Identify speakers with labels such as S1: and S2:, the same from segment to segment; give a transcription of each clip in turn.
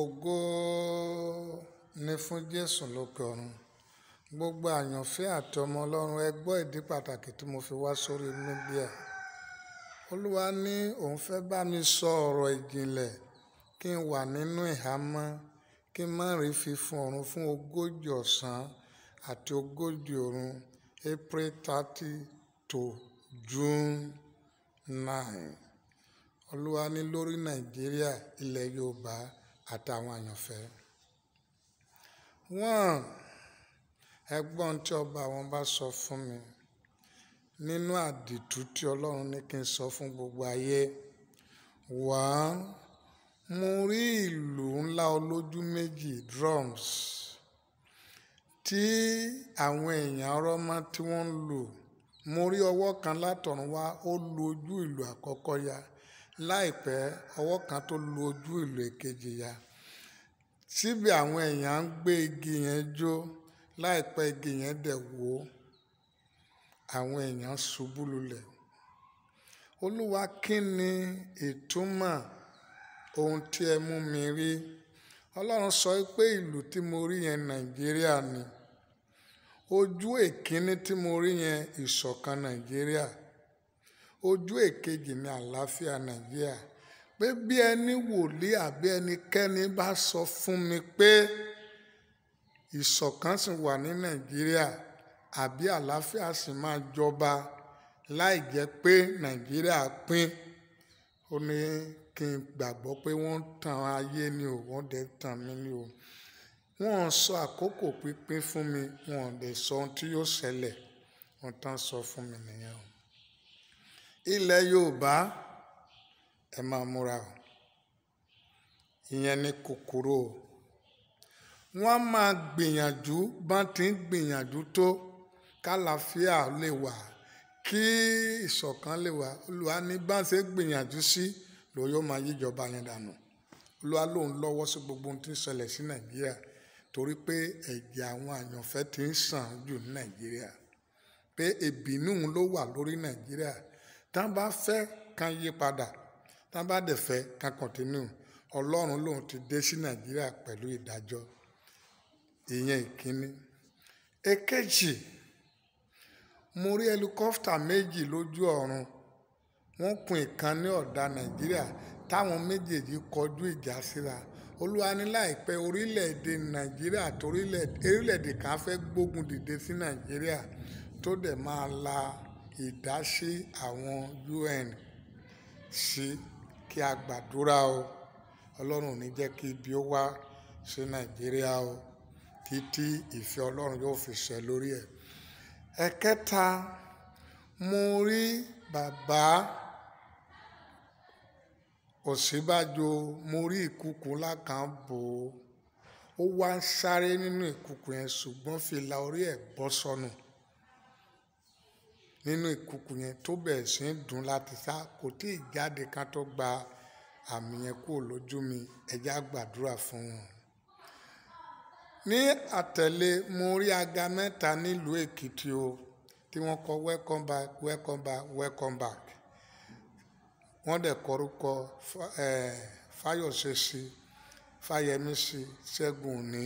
S1: ògo ni fún jésù lókè ọ̀run gbogbo àyànfẹ́ àti ọmọ ọlọ́run ẹ gbọ́ ìdí pàtàkì tí mo fi wá sórí níbí ẹ̀ olúwa ní òun fẹ́ bá mi sọ ọ̀rọ̀ ìjìnlẹ̀ kí n wà nínú ìhámọ́ kí n má rí fífún ọ̀run fún ogójì ọ̀sán àti ogójì òru April thirty to June nine olúwa ní lórí nàìjíríà ilẹ̀ yorùbá àtàwọn àyànfẹ́. wọ́n ẹgbọ́n tí ọba àwọn bá sọ fún mi nínú àdìtú tí ọlọ́run ní kí n sọ fún gbogbo ayé wá mo rí ìlù ńlá olójú méjì drums tí àwọn èèyàn rọ́mọ́ tí wọ́n ń lù mo rí ọwọ́ kan látọ̀run wá ó lu ojú ìlù àkọ́kọ́ ya láìpẹ́ ọwọ́ kan tó lu ojú ìlú èkejì ya síbi àwọn èèyàn ń gbé igi yẹn jó láìpẹ́ igi yẹn dẹ̀ wó àwọn èèyàn ṣubú lulẹ̀ olúwa kí ni ìtumọ̀ ohun tí ẹ mú mi rí ọlọ́run sọ pé ìlú tí mo rí yẹn nàìjíríà ni ojú èkíní tí mo rí yẹn ìṣọ̀kan nàìjíríà ojú èkejì ni àlàáfíà nàìjíríà pé bí ẹni wòlíì àbí ẹnikẹ́ni bá sọ fún mi pé ìṣọ̀kan sì wà ní nàìjíríà àbí àlàáfíà sì máa jọba láì jẹ́ pé nàìjíríà pín ó ní kí n gbàgbọ́ pé wọ́n tan ayé ni o wọ́n dẹ̀ tan mí ni o wọ́n sọ àkókò pínpín fún mi wọ́n dẹ̀ sọ ohun tí yóò ṣẹlẹ̀ wọ́n tán sọ fún mi nìyẹn o ilẹ̀ yorùbá ẹ máa múra o ìyẹn ni kòkòrò o wọ́n máa gbìyànjú bá ti ń gbìyànjú tó kálàáfíà lè wà kí ìṣọ̀kan lè wà olùwà ní bá ṣe gbìyànjú sí ló yóò máa yíjọba yẹn dànù olùwà lòun lọ́wọ́ sí gbogbo ohun tí ń ṣẹlẹ̀ sí nàìjíríà torí pé ẹ̀jẹ̀ àwọn àyànfẹ́ ti ń sàn jù ní nàìjíríà pé ìbínú ló wà lórí nàìjíríà tá bá fẹ́ kan yí padà tá bá dẹ̀ fẹ́ kan continue ọlọ́run lòun ti dé sí nàìjíríà pẹ̀lú ìdájọ́ ìyẹn ìkíní èkejì mo rí ẹlikọ́fítà méjì lójú ọ̀run wọ́n kun ìkan ní ọ̀dà nàìjíríà táwọn méjèèjì kọjú ìjà síra olúwa ní láìpẹ́ orílẹ̀-èdè nàìjíríà torílẹ̀-èdè kan fẹ́ gbógun dìde sí nàìjíríà tó dẹ̀ máa la ìdásí àwọn UN sí kí a gbàdúrà o ọlọ́run ní jẹ́ kí ibi ó wá sí nàìjíríà o títí ìfẹ́ ọlọ́run yóò fi ṣẹ lórí ẹ̀. ẹ̀kẹta mo rí bàbá òsínbàjò mo rí ìkùkù ńlá bò ó wá ń sáré nínú ìkùkù yẹn ṣùgbọ́n fìlà orí ẹ̀ bọ́ sọnù nínú ìkùkù yẹn tó bẹ̀rẹ̀ sí ń dùn láti sá kò tí ì jáde kan tó gba àmì yẹn kúrò lójú mi ẹja gbàdúrà fún wọn. ní àtẹ̀lé mo rí aga mẹ́ta nílùú èkìtì o tí wọ́n kọ welcome back welcome back welcome back wọ́n dẹ̀ kọrúkọ fáyọ̀ṣe sí fáyẹmí sí ṣẹ́gun òní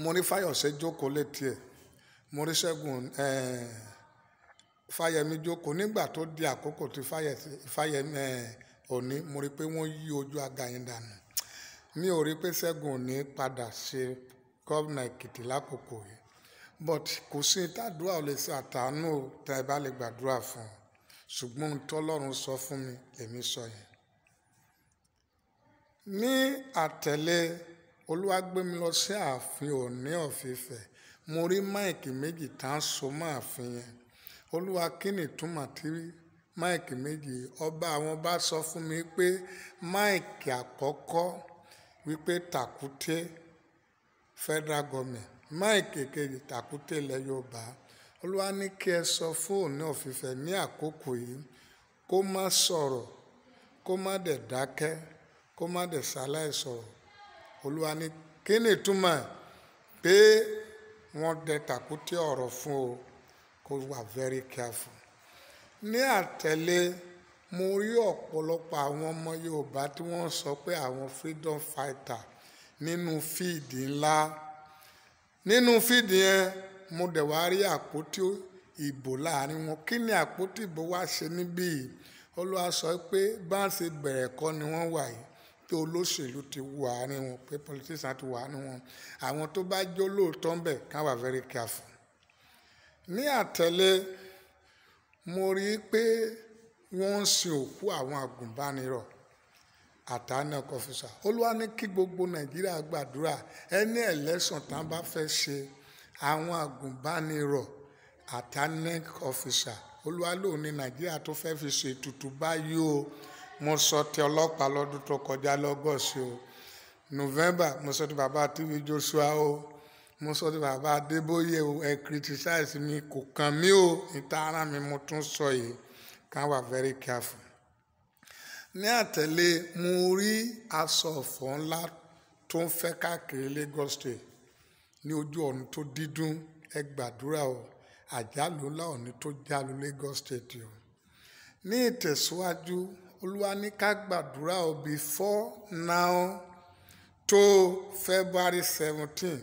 S1: mo rí fáyọ̀ṣe jókòó létí ẹ̀ mo rí ṣẹ́gun ẹ̀ẹ́ fáyẹmí jókòó nígbà tó di àkókò tí fáyẹmí òní mo rí i pé wọ́n yí ojú aga yẹn dànù mi ò rí i pé ṣẹ́gun òní padà ṣe gómìnà èkìtì lákòókò yìí but kò sí tàdúrà ò lè ṣe àtàánú tẹ ẹ bá lè gbàdúrà fún un ṣùgbọ́n tọ́lọ́run sọ fún mi lèmi sọ yẹn ní àtẹ̀lé olúwàgbémi lọ sí ààfin òní ọ̀fìfẹ́ mo rí máìkì méjì tá à so mọ́ ààfin yẹn olúwa kí ni ìtumọ̀ tí máìkì méjì ọba àwọn bá sọ fún mi pé máìkì àkọ́kọ́ wípé tàkúté federal government máìkì kejì tàkúté ilẹ̀ yorùbá olúwa ní kí ẹ sọ fóònù òfìfẹ́ ní àkókò yìí kó má sọ̀rọ̀ kó má dẹ̀ dákẹ́ kó má dẹ̀ ṣaláì sọ̀rọ̀ olúwa ní kí ni pé wọ́n dẹ tàkúté ọ̀rọ̀ fún o kó wà very careful. ní àtẹ̀lé mo rí ọ̀pọ̀lọpọ̀ àwọn ọmọ Yorùbá tí wọ́n sọ pé àwọn freedom fighter nínú fíìdì ńlá nínú fíìdì yẹn mo dẹ̀ wá rí àpótí ìbò láàrin wọn kí ni àpótí ìbò wá ṣe níbí Olúwa sọ pé bá ń ṣe bẹ̀rẹ̀ kọ́ ni wọ́n wà yìí pé olóṣèlú ti wù àárín wọn pé politician ti wù àárín wọn àwọn tó bá jó lóòótọ́ ń bẹ̀ ká very careful ní àtẹ̀lé mo rí i pé wọ́n ń sin òkú àwọn agùnbánirọ̀ àtànàk ọ̀fíìsà olúwa ní kí gbogbo nàìjíríà gbàdúrà ẹni ẹ̀lẹ́sàn tán bá fẹ́ ṣe àwọn agùnbánirọ̀ àtànàk ọ̀fíìsà olúwa lòun ní nàìjíríà tó fẹ́ fi ṣe ètùtù báyìí o mo sọ ti ọlọ́pàá lọ́dún tó kọjá lọ́gọ́sì o november mo sọ ti bàbá tv joshua o mo sọ ti bàbá adébóyè o ẹ criticize mi kò kàn mí o níta ara mi mo tún sọ yìí ká wà very careful. ní àtẹ̀lé mo rí aṣọ ọ̀fọ̀ ńlá tó ń fẹ́ káàkiri Lagos State ní ojú ọ̀run tó dídùn ẹ gbàdúrà o àjálù ńlá ọ̀ní tó jálu Lagos State o ní ìtẹ̀síwájú olúwa ní ká gbàdúrà o before now to February seventeen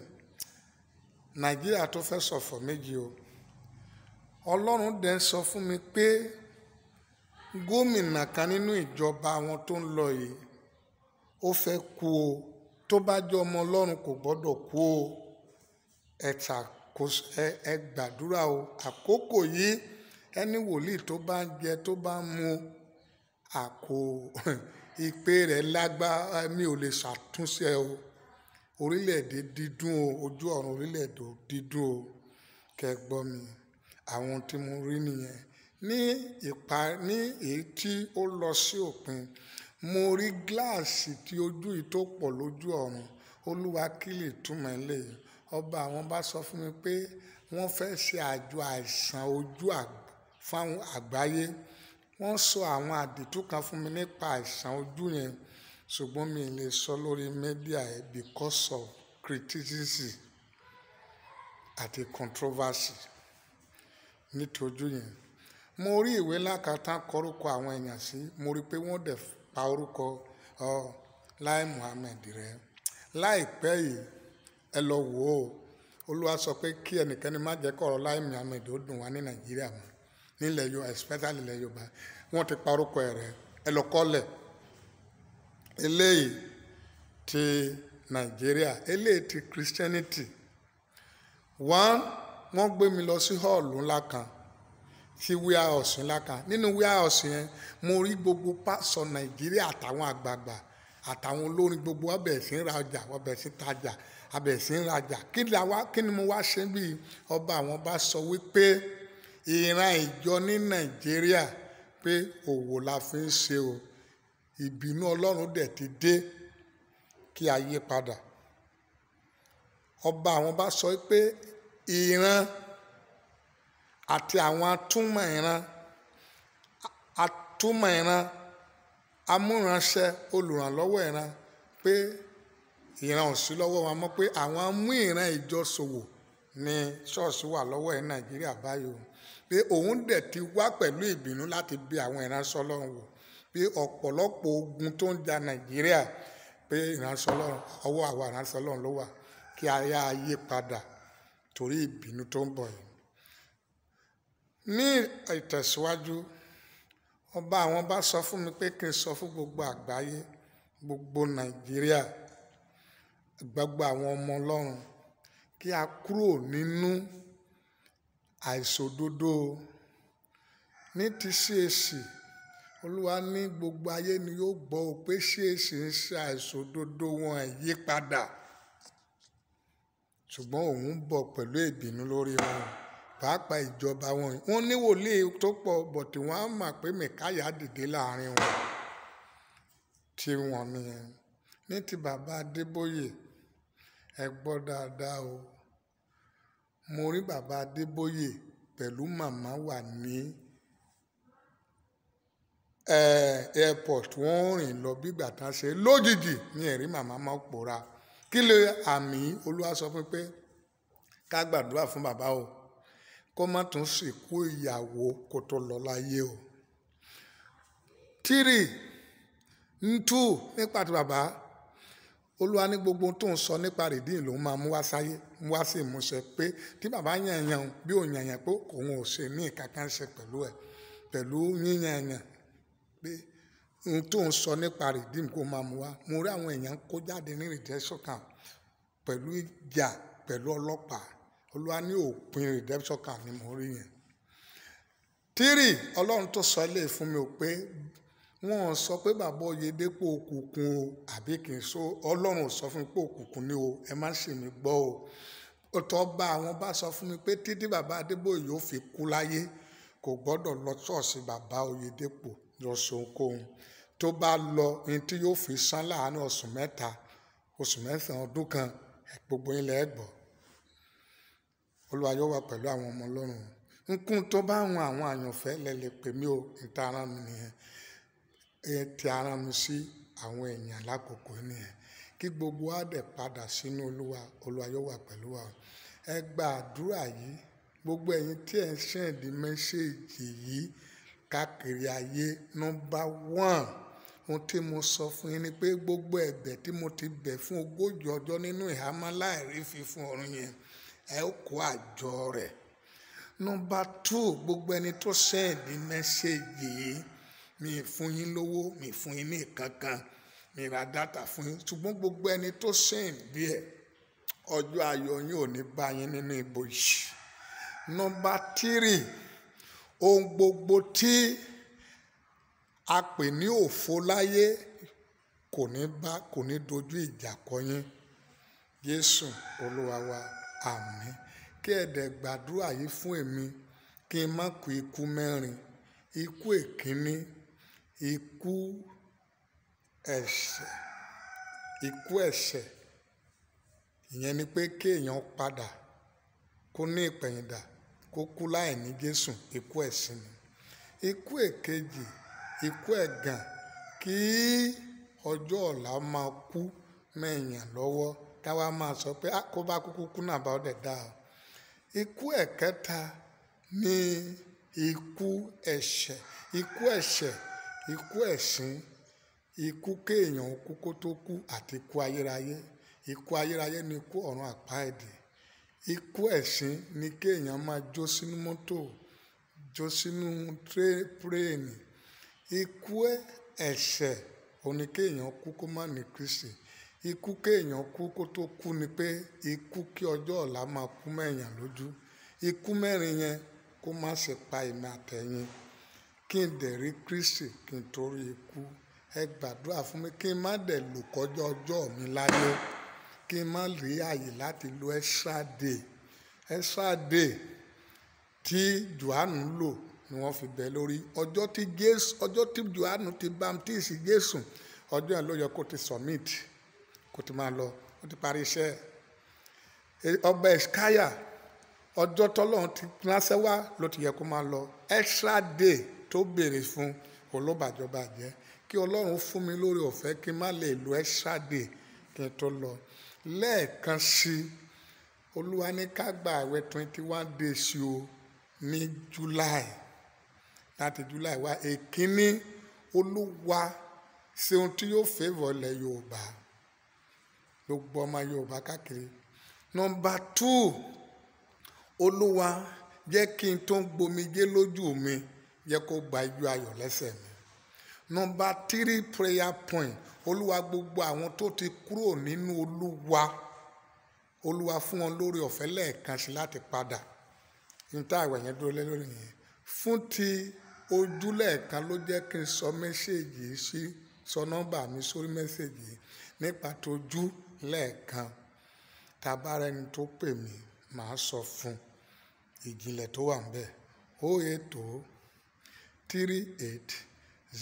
S1: nàìjíríà tó fẹ́ ṣọ̀fọ̀ méjì o ọlọ́run dẹ̀ ń sọ fún mi pé gómìnà kan nínú ìjọba àwọn tó ń lọ yìí ó fẹ́ kú o tó bá jẹ́ ọmọ ọlọ́run kò gbọ́dọ̀ kú o ẹ̀ta ẹ gbàdúrà o àkókò yìí ẹni wòlíì tó bá ń jẹ tó bá ń mu àkó ìpè rẹ̀ lágbára mi ò lè ṣàtúnṣe o orílẹ̀-èdè dídùn o ojú ọ̀run orílẹ̀-èdè dídùn o kẹgbọ́n mi àwọn tí mo rí nìyẹn ní ìpa ní èyí tí ó lọ sí òpin mo rí gíláàsì tí ojú yìí tó pọ̀ lójú ọ̀run olúwa kílì túmọ̀ eléyìí ọba àwọn bá sọ fún mi pé wọ́n fẹ́ ṣe àjọ àìsàn ojú fáwọn àgbáyé wọ́n sọ àwọn àdìtú kan fún mi nípa àìsàn ojú yẹn ṣùgbọ́n mi lè sọ lórí media ẹ̀ because of criticism àti controversy nítorí yẹn mo rí ìwé lákàtà kọrúkọ àwọn èèyàn sí mo rí pé wọ́n dẹ̀ pa orúkọ ọ Lai Muhammed rẹ láìpẹ́ yìí ẹ lọ wò ó olúwa sọ pé kí ẹnikẹ́ni má jẹ́ kọ̀rọ̀ Lai Muhammed ó dùn wá ní nàìjíríà mọ́ nílẹ̀ yorùbá especially ilẹ̀ yorùbá wọ́n ti pa orúkọ ẹ̀ rẹ ẹ lọ kọ́lẹ̀ eléyìí ti nàìjíríà eléyìí ti christianity one wọ́n gbé mi lọ sí hall ńlá kan sí warehouse ńlá kan nínú warehouse yẹn mo rí gbogbo pásọ nàìjíríà àtàwọn àgbààgbà àtàwọn olórin gbogbo ọbẹ̀ sí ń ra ọjà ọbẹ̀ sí tajà ọbẹ̀ sí ń rajà kí ni mo wá ṣe bí ọba àwọn bá sọ wípé ìran ìjọ ní nàìjíríà pé òwò la fi ń ṣe o ìbínú ọlọ́run dẹ̀ ti dé kí a yí padà ọba àwọn bá sọ pé ìran àti àwọn atúmọ̀ ìran atúmọ̀ ìran amúranṣẹ́ olùrànlọ́wọ́ ìran pé ìran ò sí lọ́wọ́ wọn mọ́ pé àwọn mú ìran ìjọsòwò ní ṣọ́ọ̀ṣì wà lọ́wọ́ ẹ̀ nàìjíríà báyìí o pé òun dẹ̀ ti wá pẹ̀lú ìbínú láti bí àwọn ìran sọlọ́run wò pé ọ̀pọ̀lọpọ̀ ogun tó ń da nàìjíríà pé ìránṣẹ́ ọlọ́run ọwọ́ àwa ìránṣẹ́ ọlọ́run ló wà kí ayá ayé padà torí ìbínú tó ń bọ̀ yìí. ní ìtẹ̀síwájú ọba àwọn bá sọ fún mi pé kí n sọ fún gbogbo àgbáyé gbogbo nàìjíríà gbogbo àwọn ọmọ ọlọ́run kí a kúrò nínú àìṣòdodo ní ti ṣe Si olúwa ní gbogbo ayé ni yóò gbọ́ ọ pé ṣèèṣì ń ṣe àìṣòdodo wọn ìyípadà ṣùgbọ́n òun bọ̀ pẹ̀lú ìbínú lórí wọn pàápàá ìjọba wọn wọn ní wòlíì tó pọ̀ bọ̀tì wọn á mà pé mẹ̀káyà dìde láàrin wọn tí wọn nìyẹn ní ti bàbá adébóyè ẹ gbọ́ dáadáa o mo rí bàbá adébóyè pẹ̀lú màmá wà ní airport wọ́n rìn lọ bí ìgbà tán ṣe lójijì ní ẹ̀rí màmá máa pòórá kí lè àmì olúwa sọ fún pé ká gbàdúrà fún bàbá o kó má tún sìnkú ìyàwó kó tó lọ láyé o. tírì ntú nípa ti bàbá olúwa ní gbogbo tó ń sọ nípa rìdíìn lòun máa mú wá sáyé mú wá sí ìmúṣẹ pé tí bàbá yànyàn bí òun yànyàn pé òun ò ṣe ní ìkankan ṣe pẹ̀lú ẹ̀ pẹ̀lú yíyànyàn pé n tó ń sọ nípa rìdíìmù kó máa mú wa mo rí àwọn èèyàn kó jáde ní redemption camp pẹ̀lú ìjà pẹ̀lú ọlọ́pàá olúwa ní òpin redemption camp ni mo rí yẹn tírì ọlọ́run tó sọ ilé fún mi ò pé wọ́n sọ pé bàbá Oyèdépò òkùnkùn o àbí kì í so ọlọ́run ò sọ fún mi pé òkùnkùn ni o ẹ má ṣe mí gbọ́ o ọ̀tọ̀ bá àwọn bá sọ fún mi pé títí bàbá Adébóyè yóò fi kú láyé kò gbọ́dọ̀ lọ ṣọ́ọ̀ṣì bàbá Oyèdépò lọ sóhunkóhun tó bá lọ ní tí yóò fi san láàánú oṣù mẹ́ta oṣù mẹ́sàn-án ọdún kan gbogbo ilẹ̀ ẹ̀gbọ́ olúwa yóò wà pẹ̀lú àwọn ọmọ ọlọ́run nkún tó bá wọn àwọn àyànfẹ́ lẹ́lẹ̀ pè mí o níta ara mi nìyẹn ti ara mi sí àwọn èèyàn lákòókò nìyẹn kí gbogbo wa dẹ̀ padà sínú olúwa olúwa yóò wà pẹ̀lú wa ẹ gba yìí gbogbo ẹ̀yin tí ẹ̀ ń ṣẹ̀ǹdí mẹ́ṣẹ́ẹ̀jì yìí káàkiri ayé nọmba one ohun tí mo sọ fún yín ni pé gbogbo ẹ̀bẹ̀ tí mo ti bẹ̀ fún ogójì ọjọ́ nínú ìhámọ́ láìrí fífún ọrùn yẹn ẹ ó kó àjọ rẹ̀ nọmba two gbogbo ẹni tó sẹ́ẹ̀dì mẹ́ṣẹ́ẹ̀jì yìí mi fún yín lówó mi fún yín ní kankan mi ra dátà fún yín ṣùgbọ́n gbogbo ẹni tó sẹ́ẹ̀dì ẹ̀ ọjọ́ ayọ̀ yín ò ní bá yín nínú ibojì nọmba tírì ohun gbogbo tí a pè ní òfo láyé kò ní bá kò ní dojú ìjà kọ yín Jésù Olúwa wa àmín kí ẹ dẹ̀ gbàdúrà yìí fún èmi kí n má kú ikú mẹ́rin ikú èkíní ikú ẹ̀ṣẹ̀ ikú ẹ̀ṣẹ̀ ìyẹn ni pé kéèyàn padà kó ní ìpẹ̀yìndà ó kú láì ní Jésù ikú ẹ̀sín ni ikú èkejì ikú ẹ̀gàn kí ọjọ́ ọ̀la máa kú mẹ́yìn lọ́wọ́ táwa máa sọ pé ah, kó bá kúkú náà bá ọdẹ dá o ikú ẹ̀kẹta ni ikú ẹ̀ṣẹ̀ ikú ẹ̀ṣẹ̀ ikú ikú kéèyàn kú kó tó kú àti ikú ayérayé ikú ayérayé ikú esi ni kéèyàn máa jó sínú mọ́tò jó sínú píréènì ikú ẹ̀ṣẹ̀ òun ni kú kó má ní Kristi ikú kéèyàn kú kó tó kú ni pé ikú kí ọjọ́ ọ̀la máa kú mẹ́yàn lójú ikú mẹ́rin yẹn kó má ṣe pa èmi àtẹ̀yìn kí n dẹ̀ rí Kristi kí n torí ikú ẹ gbàdúrà fún mi kí n má dẹ̀ lò kọjá ọjọ́ mi láyé. kí n má rí àyè láti lo extra day extra day tí juanu lò ni wọ́n fi bẹ̀ lórí ọjọ́ tí jésù ọjọ́ tí johannu ti baptist jésù ọjọ́ yẹn ló yẹ kó ti submit kó ti máa lọ ó ti parí iṣẹ́ e, ọba eskaya ọjọ́ tọ́lọ́run ti ránṣẹ́ wá ló ti yẹ kó máa lọ extra day tó béèrè fún olóbàjọba jẹ́ kí ọlọ́run fún mi lórí ọ̀fẹ́ kí n má lè lo extra day kí n tó lọ lẹ́ẹ̀kan sí i olúwa ní ká gba àwẹ̀ twenty one days o ní july láti july wá èkínní olúwa ṣe ohun tí yóò fẹ́vọ̀ lẹ̀ yorùbá gbogbo ọmọ yorùbá káàkiri nọmba two olúwa jẹ́ kí n tó ń gbomijé lójú mi jẹ́ kó gba ijó ayọ̀ lẹ́sẹ̀ mi nọmba three prayer point olúwa gbogbo àwọn tó ti kúrò nínú olúwa olúwa fún wọn lórí ọ̀fẹ́ lẹ́ẹ̀kan sí láti padà ní tá àwẹ̀ yẹn dúró lé lórí yẹn fún ti ojú lẹ́ẹ̀kan ló jẹ́ kí n sọ mẹ́sẹ̀gì sí sọ nọ́mbà mi sórí mẹ́sẹ̀gì nípa tójú lẹ́ẹ̀kan tabara ẹni tó pè mí màá sọ fún ìjìnlẹ̀ tó wà ń bẹ̀ o eight three eight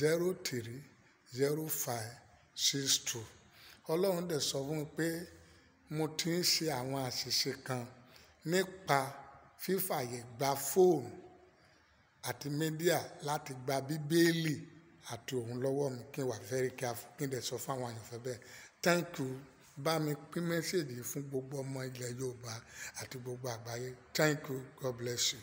S1: zero three zero five six two ọlọ́run dẹ̀ sọ fún mi pé mo ti ń ṣe àwọn àṣìṣe kan nípa fífàyè gba fóònù àti mídíà láti gba bíbélì àti òun lọ́wọ́ mi kí n wà very careful kí n dẹ̀ sọ fún àwọn àyànfẹ́ bẹ́ẹ̀ thank you bá mi pín mẹ́sẹ̀gì fún gbogbo ọmọ ilẹ̀ Yorùbá àti gbogbo àgbáyé thank you God bless you.